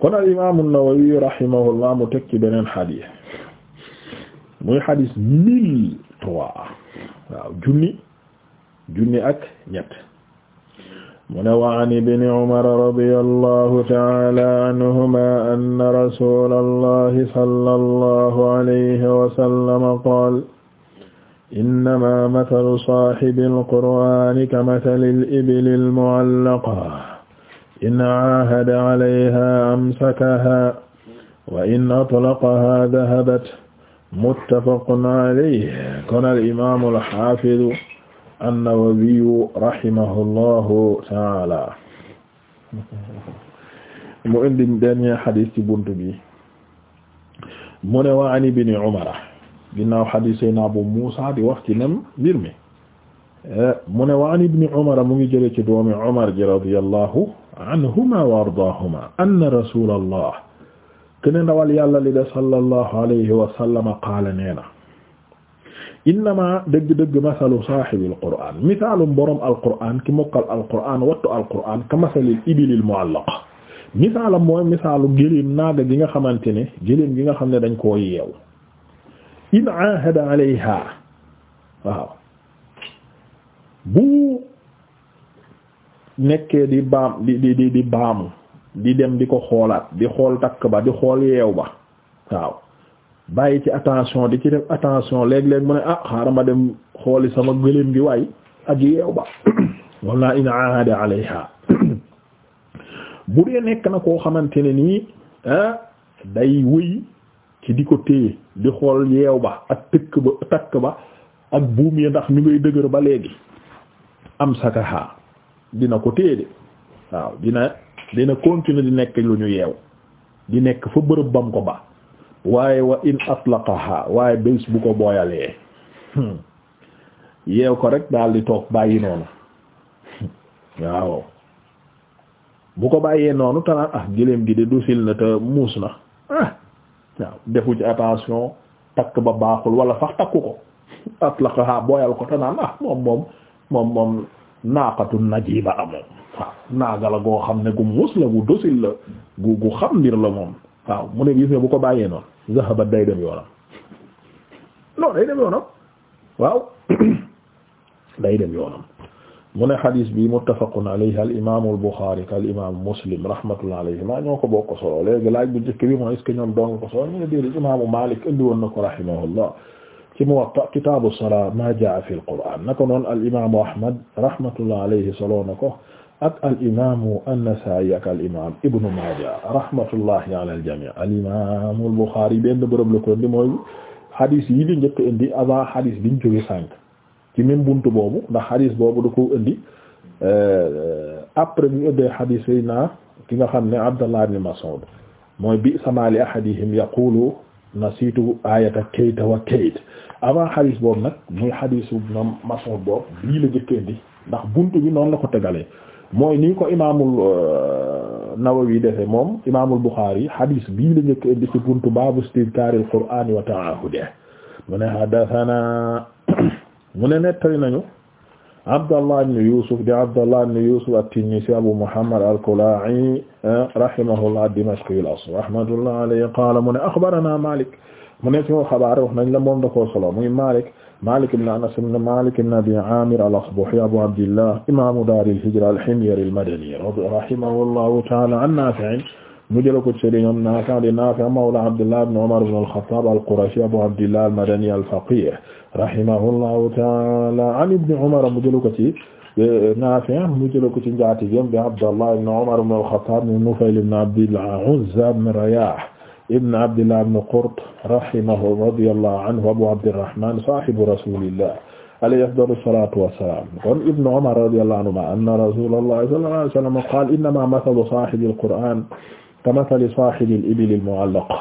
kon al imaamu Nawawi rahimahullah mu teg ci beneen xadiis muy xadiis mille trois waaw junni junni ak ñett mu ne wa an ibni Umar radiyallahu ta'ala anhuma anna rasulallahi sallallahu alayhi wa sallam qaala innamaa mathalu saahibil qur'aani kamathali al-ibli al-mu'allaqa in aahada calayha amsakaha wa in atlaqaha dahabat muttafaqun alayhi kon al-imaamu al-xaafidu an-nawawiyu rahimahullahu taala mu indi dernier xadis ci bunt bi mu ne wa an ibni Umar ginnaaw xadis Seydina Abu Muusa di wax ci nem mbir mi Eh, mu ne wa an ibni mu ngi jële ci doomi umar ji radiyallahu anhuma wa ardaahuma anna rasulallah kene ndawal yàlla li de sallallahu alayhi wa sallam qaala nee na innama dëgg-dëgg masalu saahibil alqur'aan ki mokkal alqur'aan wattu alqur'aan ka masalil ibilil mu'allaqa misaalam mooy misaalu gëléem naaga gi nga xamante ne gëléem gi nga xam ne dañ koo yeew in aahada alayha waaw bu nekkee di baam di di di di baamu di dem di ko xoolaat di xool takk ba di xool yeew ba waaw bàyyi ci attention di ci dem attention léeg-léeg mu ne ah xaaral ma dem xooli sama gëléem gi waay ak yeew ba walla in aada alayha bu dee nekk na koo xamante ne nii ah, day wëy ci di ko téye di xool yeew ba ak tëkk ba takk ba ak buum yi ndax ñu ngay dëgër ba léegi am amsakaha dina ko téye de waaw dina dina continuer di nekk lu ñu yeew di nekk fa bërëb bam ko ba waaye wa in atlaqaha waaye bés bu ko booyalee hmm. yeew ko rek daal di toog bàyyi noonu waaw bu ko bàyyee noonu tanaan ah gëléem gi de docile na te muus na ah waaw defu ci attention takk ba baaxul wala sax takku ko atlaqaha booyal ko tanaan ah moom moom moom moom naaqatu najiba la moom waaw naaga la goo xam ne gu muus la gu dosil la gu gu xam mbir la moom mu ne gis nga bu ko bàyyee noon zahabat day dem yoonam non day dem yoonam waaw day dem yoonam mu ne xadis bi muttafaqun alayhi al imaamu al Buxaari ak al imaamu Muslim rahmatullah alayhimaa ñoo ko bokk solo léegi laaj bu njëkk bi mooy est ñoom doon ko solo ñu ne déedéet imaamu Maalik indi woon na ko rahimahullah ci Muwatta kitaabu salaa maa jaa fil qur'aan naka noonu al imaamu Ahmad rahmatullah aleyhi solo na ko ak al imaamu an-Nasaa'i ak al imaam Ibnu Maaja rahmatullahi ala al jamii' al imaamu al Buxaari benn bërëb la ko indi mooy hadith yi di njëkk indi avant hadith biñ jógee sànq ci même buntu boobu ndax hadith boobu da ko indi euh, après ñu indee hadith yi naa ki nga xam ne Abdallah ibn Mas'ud mooy bi sama li ahadihim yaqulu nasiitu ayata kayta wa kayt avant xadis boobu nag muy xadisu Ibn Mas'ud boobu bii la jëkkeen ndax bunt bi noonu la ko tegalee mooy ni ko imaamul euh, Nawawi defe moom imaamul Bukhari xadis bii la jëkkeen di ci bunt baabu istidkaaril qur'aani wa ta'aahudihi mu ne haddasanaa mu ne nettali nañu Abdallah ibn Yusuf di Abdallah ibn Yusuf at-Tinnisi Abu Muhammad al-Kalaa'i eh, rahimahullah ad-Dimashqi al-asl rahmatullahi alayhi qaala mu ne axbaranaa Maalik mu nekk moo xabaar wax nañ la moom da koo solo muy Malik Malik ibn Anas ibn Malik ibn Abi Amir al-Asbahi Abu Abdillah imamu dar al-hijra al-Himyari al-Madani rahimahullahu ta'ala an Nafi' mu jëla ko ci ñoom Nafi' di Nafi' mawla Abdillah ibn Umar ibn al-Khattab al-Qurashi Abu Abdillah al-Madani al-Faqih rahimahullahu ta'ala an ibn Umar mu jëla ko ci eh, Nafi' mu jëla ko ci njaatigéem bi Abdallah ibn Umar ibn al-Khattab ibn Nufayl ibn Abdil Uzza ibn Riyah ibn abdillah ibn qurt rahimahu radiyallahu anhu abu abdirrahman sahibu rasulillah alayhi afdalu salatu wassalam kon ibn umar radiyallahu anhuma anna rasulallahi sallallahu alayhi wa sallam qala innama mathalu sahibi alquran kamathali sahibi alibli almu'allaqa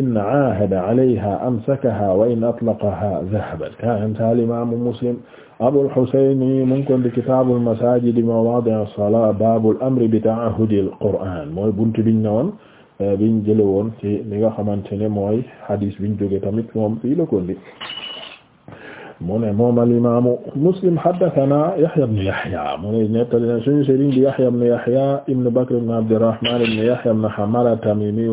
in aahada alayha amsakaha wa in atlaqaha dahabat kaanta alimamu muslim abul husayni mu ngi ko di kitaabul masaajidi mawaaḍi'us salaa baabul amri bi ta'ahhudil qur'aan mooy buntu bi ñu ne woon Euh, biñ jële woon ci li nga xamante ne mooy hadis biñ jóge tamit moom fii la ko ndi mu ne moom alimamu Muslim haddathana Yahya ibn Yahya mu ne nettali na suñu sëriñ di Yahya ibn Yahya ibn Bakr ibn Abdurrahman ibn Yahya ibn Hamala at-Tamimi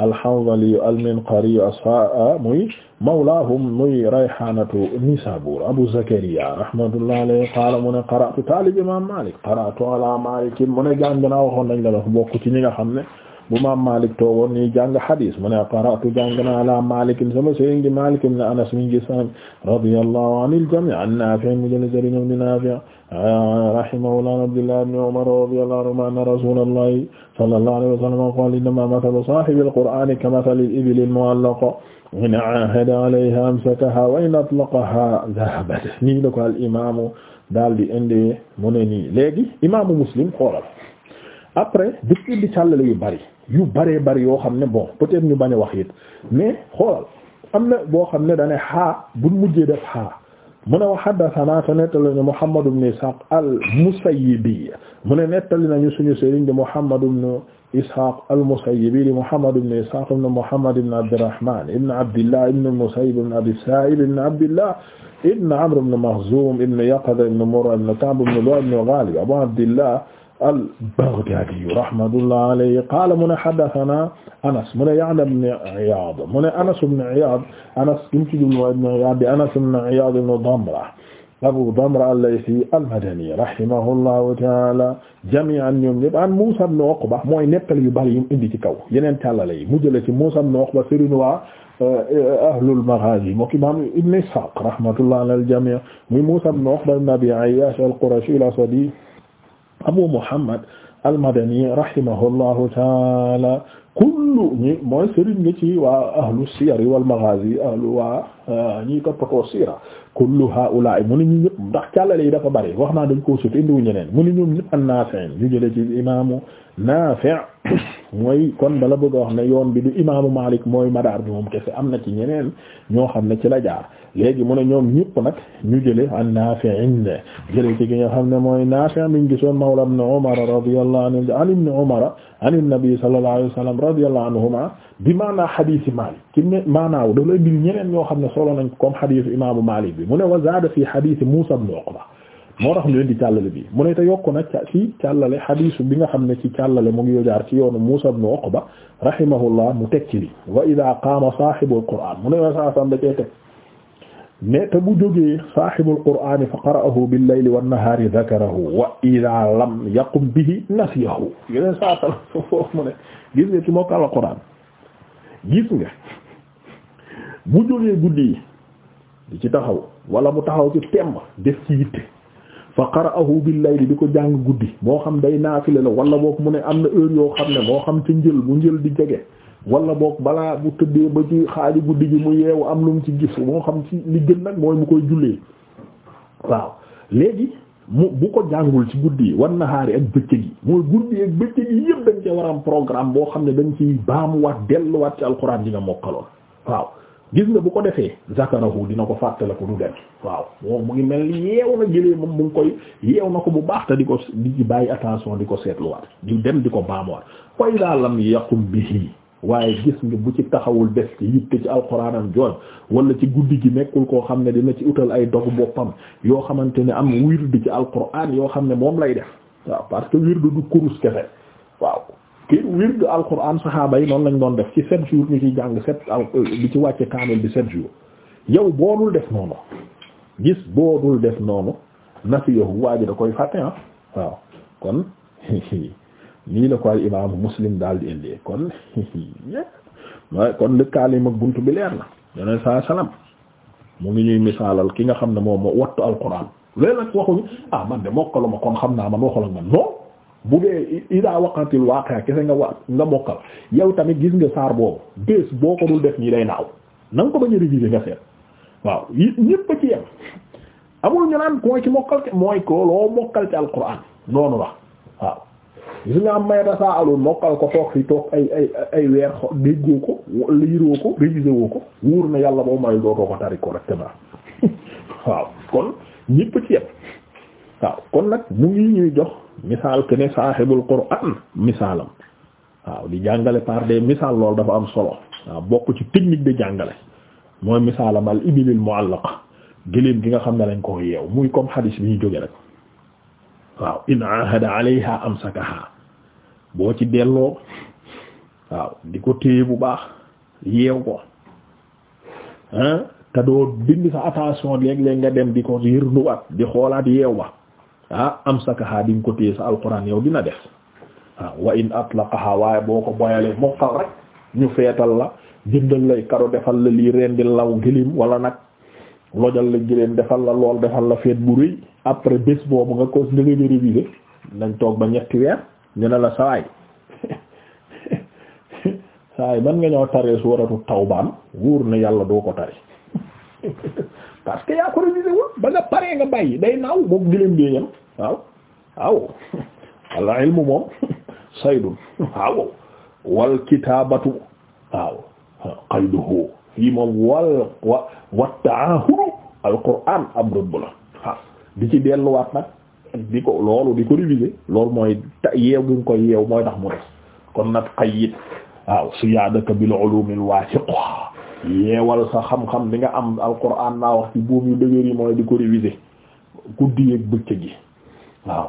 al-Hanzali al-Minqari asfa muy mawlahum muy rayhanatu Nisabur Abu Zakariya rahmatullahi alayhi qala mu ne qara'tu talib imam Malik qara'tu ala Malik mu ne jàng naa waxoon nañ la bokk ci ñi nga xam ne bu maam Malik toogoon ni jàng hadis mu ne qara'tu jàng naa ala Malik sama sëriñ di Malik ibn Anas min gis radiyallahu anil jami' an Nafi' mu jële sëriñ di Nafi' rahimahullah Abdullah ibn Umar radiyallahu anhuma anna rasulallahi sallallahu alayhi wa sallam qala innama mathalu sahibil qur'ani kamathalil ibil mu'allaqa in ahada alayha amsakaha wa in atlaqaha dhahabat nii la ko al imaamu daal di indi mu ne nii léegi imaamu Muslim xoolal après daf indi càllale yu bari yu baree bari yoo xam ne bon peut-être ñu bañ a wax it mais xoolal am na boo xam ne dane xaa buñ mujjee def xaa mu ne wa haddathana te nettali nañu Muhammad ibn Ishaq al-Musayyibi mu ne nettali nañu suñu sëriñ de Muhammad ibn Ishaq al-Musayyibi di Muhammad ibn Ishaq ibn Muhammad ibn Abdurrahman ibn Abdillah ibn al-Musayyib ibn Abi Sa'ib ibn Abdillah ibn Amr ibn Makhzum ibn Yaqadha ibn Murra ibn Ka'b ibn Lu'ay ibn Ghalib Abu Abdillah al-Baghdadi rahmatullah alayhi qaala mu ne haddathana Anas mu ne Ya'la ibn Iyad mu ne Anas ibn Iyad Anas ibn Iyad Anas ibn Iyad ibn Damra Abu Damra al-Laythi al-Madani rahimahullahu ta'ala jami'an ñoom ñëpp an Musa ibn Uqba mooy nettali yu bari yu indi ci kaw yeneen tallale yi mu jëlee ci Musa ibn Uqba sëriñu waa eh, ahlul maghazi mook imam Ibn Ishaq rahmatullah ala al-jami' muy Musa ibn Uqba ibn Abi Ayyash al-Qurashi al-Asadi Abu Muhammad al-Madani rahimahullahu taala kullu ñi mooy sëriñ ñi ci waa ahlu siyar wal maghazi ahlu waa ah, ñiy toppatoo siira kullu haula'i mu ni ñu ñëpp ndax càllale yi dafa bari wax naa dañ koo sut indiwu ñeneen mu ni ñoom ñëpp an Nafi' ñu jëlee ci imaamu Nafi' mooy kon dala bëgg a wax ne yoon bi du imaamu Malik mooy madaar bi moom kese am na ci ñeneen ñoo xam ne ci la jaar léegi mu ne ñoom ñëpp nag ñu jële an Nafi'in jële ci ki nga xam ne mooy Nafi' min gisoon mawla ibn Umar radiyallahu anhu an ibn Umar an an-nabi sallallahu alayhi wa sallam radiyallahu anhuma bi maanaa hadith Malik ci maanaaw dafa lay bil ñeneen ñoo xam ne solo nañ ko comme imaamu Malik bi mu ne wa zaada fi hadith muusa ibn Uqba moo tax ñu leen di càllale bi mu ne te yokku na ci càllale xadiisu bi nga xam ne ci càllale mu ngi yoo jaar ci yoonu Muusaa ibn Uqba rahimahullah mu teg ci li wa ida qaama saahibul qur'aan mu ne da cee teg ne te bu jógee saahibul qur'aan fa qara'ahu bil layli wan nahaari dhakarahu qur'aan gis nga bu jógee guddi yi ci taxaw wala mu taxaw ci temb def ci yitte fa qara'ahu bi layl di ko jàng guddi moo xam day naafile la wala boog mu ne am na heure yoo xam ne moo xam ci njël bu njël di jege walla book balaa bu tëddee ba ci xaaju guddi gi mu yeewu am lu mu ci gis moo xam ci ni gën nag mooy mu koy jullee waaw léegi mu bu ko jàngul ci guddi yi wan nahaari ak bëccëg yi mooy guddi ak bëccëg yi yëpp dañ cee war am programme boo xam ne dañ ci baamuwaat waat ci alxuraan ji nga mokkaloon waaw gis nga bu ko defee zakarahu dina ko fàttaliku du dem waaw moom mu ngi mel ni yeew na jëlee moom mu ngi koy yeew na ko bu baax te di ko di bàyyi attention di ko seetluwaat di dem di ko baamuwaat koy daa lam yaqum bihi waaye gis nga bu ci taxawul def ci yitte ci alxuraanam jooj wala ci guddi gi nekkul koo xam ne dina ci utal ay dogu boppam yoo xamante ne am wird ci alxuraan yoo xam ne moom lay def waaw parce que wird du kurus kese kii wird alquran saxaaba yi noonu lañ doon def ci sept jours ñu ciy jàng sept al bi euh, ci wàcce kaamil bi sept jours yow boodul def noonu gis boodul def noonu nafiyahu waa ji da koy fàtte ah waaw kon nii la ko al imaamu muslim daal di indee kon kon lëkkaalim ak bunt bi leer na yeneen saa salaam mu ngi ñuy misaalal ki nga xam ne moom moo wattu alquran léegi nag waxuñu ah man de mokkaluma kon xam naa man waxal ak man non. bu dee ida waqatil waaqia kese nga wa nga mokkal yow tamit gis nga saar boobu bés boo ko dul def nii day naaw na nga ko bañ a réviser nga seet waaw ñépp a ci yem amul ñu ko loo saa alul mokkal ko toog fi toog ay ay ay weer déggoo ko liiroo ko réviser ko wóor na yàlla boo may dootoo ko tari correctement waaw kon ñépp a ci yem waaw kon nag mu ngi ñuy jox misaal ke ne saaxibul qur'aan misaalam waaw di jàngale par des misaal loolu dafa am solo waaw bokk ci technique di jàngale mooy misaalam al ibilil mu'allaqa gëléem gi nga xam ne dañ koo yeew muy comme xadis bi ñu jóge rek waaw in ahada am amsakaha boo ci delloo waaw di ko téye bu baax yeew ko hein ah, te doo bind sa attention léeg-léeg nga dem di ko yërnuwaat di xoolaat yeew ba ah am sa di nga ko téye sa alquran yow dina def waaw ah, wa in atlaqaha waaye boo ko boyalee mokkal rek ñu feetal la jëndal lay kado defal la lii reen di law gilim wala nag lojal la giléem defal la lool defal la feet bu rëy après bés boobu nga ko nga nga réviser dañ toog ba ñetti weer ñu ne la sawaay sawaay man nga ñoo taree su waratu tawbaan wóor na yàlla doo ko tari parce que yaa ko révisé wul ba nga paree nga bàyyi day naaw boog gëléem gée yam waaw waaw walla ilmu moom saydun waaw wal kitaabatu waaw qayduhu fii moom wal wa wa ta'ahuru alquran ab rëbb la waaw di ci delluwaat nag di ko loolu di ko réviser loolu mooy ta yeew gi nga koy yeew mooy tax mu def kon nag qayyid waaw siyaadaka bil ulum al wasiqa yeewal sa xam-xam bi nga am alquran naa wax ci buum yu dëgër yi mooy di ko réviser guddi ak bëccëg gi waaw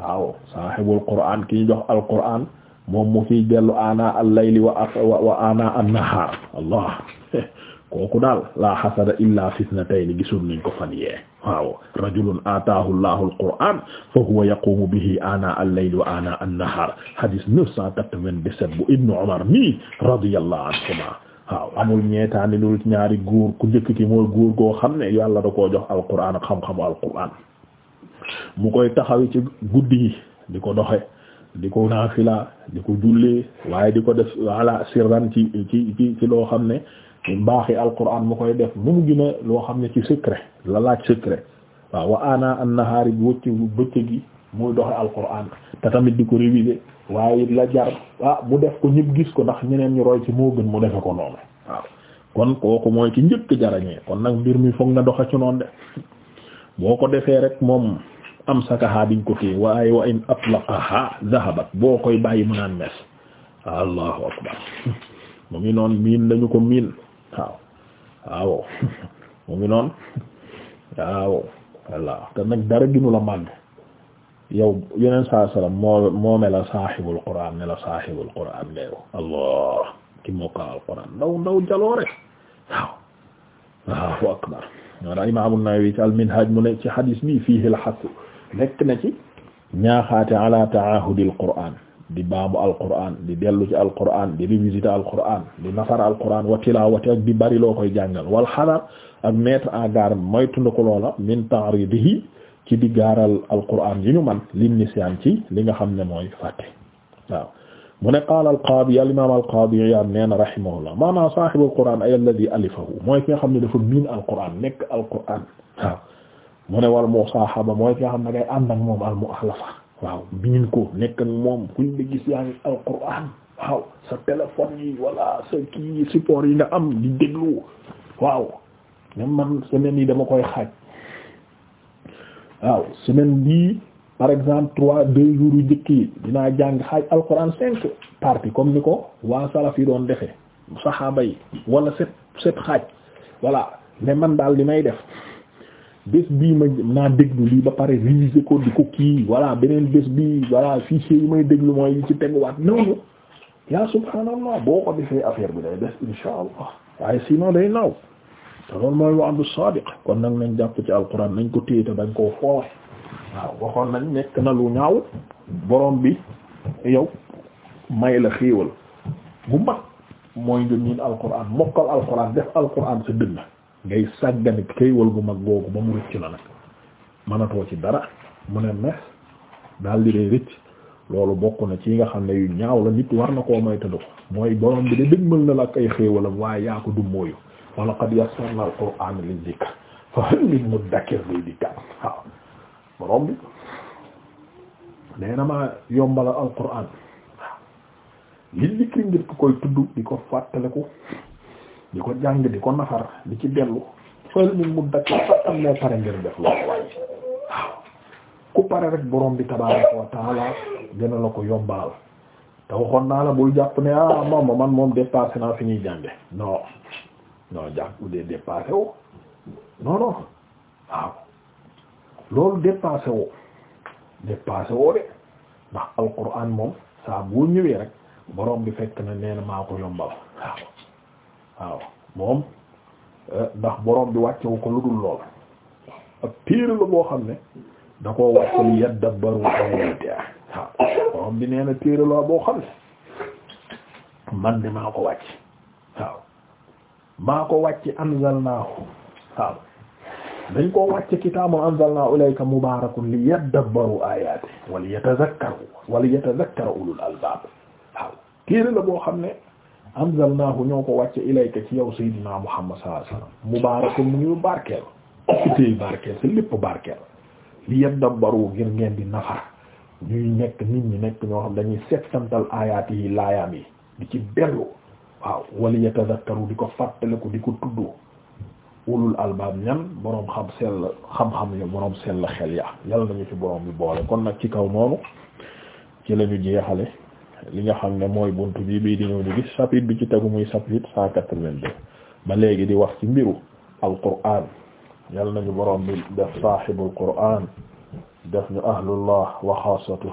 waaw saaxibul qur'an ki ñu jox alquran moom mu fiy dellu ana al-layli wa wa ana an-nahar allah kooku daal la xasada illa fitnatayni gisul nañ ko fan yee waaw rajulun ataahu allahu alquran fa huwa yaqumu bihi ana al-layli wa ana an-nahar hadith 997 bu ibnu umar mi radiyallahu anhuma waaw amul ñeetaani lu ñaari góor ku njëkk ki mooy góor goo xam ne yàlla da koo jox alquran ak xam-xamu alquran mu koy taxawi ci guddi yi di ko doxe di ko naafila di ko jullee waaye di ko def ala sirran ci ci ci ci loo xam ne baaxi alquran mu koy def nu mu gën loo xam ne ci secret la laaj secret waaw wa ana an nahaari bi wëcc bëccëg gi muy doxe alquran te tamit di ko réviser waaye it la jar ah mu def ko ñëpp gis ko ndax ñeneen ñu roy ci moo gën mu defe ko noonu waaw kon kooku mooy ki njëkk jarañee kon nag mbir mi foog na doxa ci noonu de boo ko defee rek moom am sakaha diñ ko téye waaye wa in atlaqaha zahabat boo koy bàyyi mu naan mes allahu akbar mu ngi noonu miin lañu ko miin waaw waaw mu ngi noon waaw walla te nag dara ginu la màgg yow yeneen saa salaam moo moo mel la saaxibul quraan mel la allah ki mokkal alquraan ndaw ndaw jaloore waaw waaw akbar ñoo ci al mu ne ci xadiis mi fiihi al-hasu nekk na ci ñaaxaate ala taahudil quraan di baamu alquraan di dellu ci alquraan di révisiter alquraan di nafar alquraan wa tilaawati ak di bari loo koy jàngal wal xadar ak mettre en garde moytu ko loola min ta'riidihi ci di gaaral alquran yi ñu man lin nisyan ci li nga xam ne mooy fàtte waaw mu ne qaala alqaadi alimam alqaadi Iyaad nee na rahimahullah maanaam saahibu alquran ay alladi ki nga xam ne dafa miin alquran nekk alquran waaw mu ne mooy ki nga xam ne ngay ànd al mu'alafa waaw miin ko nekk ak moom kuñ di gis yaa ngi alquran waaw sa téléphone yi wala sa kii support yi nga am di déglu waaw même man semaine yi dama koy xaaj waaw semaine bii par exemple trois deux jours yu njëkk yi dinaa jàng xaaj alquran cinq parties comme ni ko waa salaf yi doon defee saxaaba yi wala sept sept xaaj voilà ne man daal li may def bés bii ma naa déglu lii ba pare réviser ko di ko kii voilà beneen bés bii voilà fichier yi may déglu mooy ci teguwaat noonu yaa subhaanallah boo ko defee affaire bi day des insha allah waaye sinon day naaw te loolu mooy wa'du sadiq kon nag nañ jàpp ci alquran nañ ko téye dañ koo foowe waaw waxoon nañ nekk na lu ñaaw borom bi yow may la xéewal bu mag mooy nga miin alquran mokkal alquran def alquran sa dënn ngay sàggane xéewal bu mag googu ba mu rëcc la nag mënatoo ci dara mu ne mes daal di dee rëcc loolu bokk na ci nga xam ne yu ñaaw la nit war na koo moytandiku mooy borom bi de dëgmal na la ak ay xéewalam waaye yaa ko du mooyu wa laqad yassarna al-qur'ana lizikr fa hal bi nee na maa yombala al-qur'an li dikri ngir koy tudd di ko fàttaliku di ko jàng di ko nafar di ci dellu fa hal min fa am na pare ngir def loolu waaye ku pare rek boroom bi tabaaraka wa taala gën a la ko yombalal te waxoon naa la bul jàpp ne ah moom man moom dépassé naa fi ñuy jànge non. non jàpp de dépassé wu non non waaw loolu dépassé wu dépassé woo de ndax alquran moom saa boo ñëwee rek boroom bi fekk na nee maa ko yombal waaw waaw moom eh, ndax borom bi wàccewu ko lu dul lool ak piir la boo xam ne da koo wàcce li yadabbaru ayaatihi waaw borom bi nee na piir boo xam ne man de maa ko wàcc waaw maa ko wàcc anzalnaahu waaw dañ koo wàcce kitaabun anzalnaahu ilayka mubaarakun li yaddabbaru aayaati wa li yatazakkaru wa li yatazakkaru ulul albaab waaw téere la boo xam ne anzalnaahu ñoo ko wàcc ilayka ci yow sayyidina Muhammad sallallahu alayhi sa mubaarakun mu ngi barkeel kitee barkeel ci lépp barkeel li yaddabbaru ngir ngeen di nafar ñuy nekk nit ñi nekk ñoo xam dañuy settantal aayaat yi laayaam yi di ci dellu waaw wali yatadakkaru di ko fàttaliku di ko tudd ulul albaab ñan boroom xam sell xam-xam ya boroom sell xel ya yal ñu ci boroom bi boole kon nag ci kaw noonu ci lañu jeexale li nga xam ne mooy bunt bi bii di ñëw ñu gis chapitre bi ci tegu muy chapitre cent quatre-vingt-deux ba léegi di wax ci mbiru alqur'aan yal nañu boroom bi def saahibul qur'aan def ñu ahlullah wa xaasatu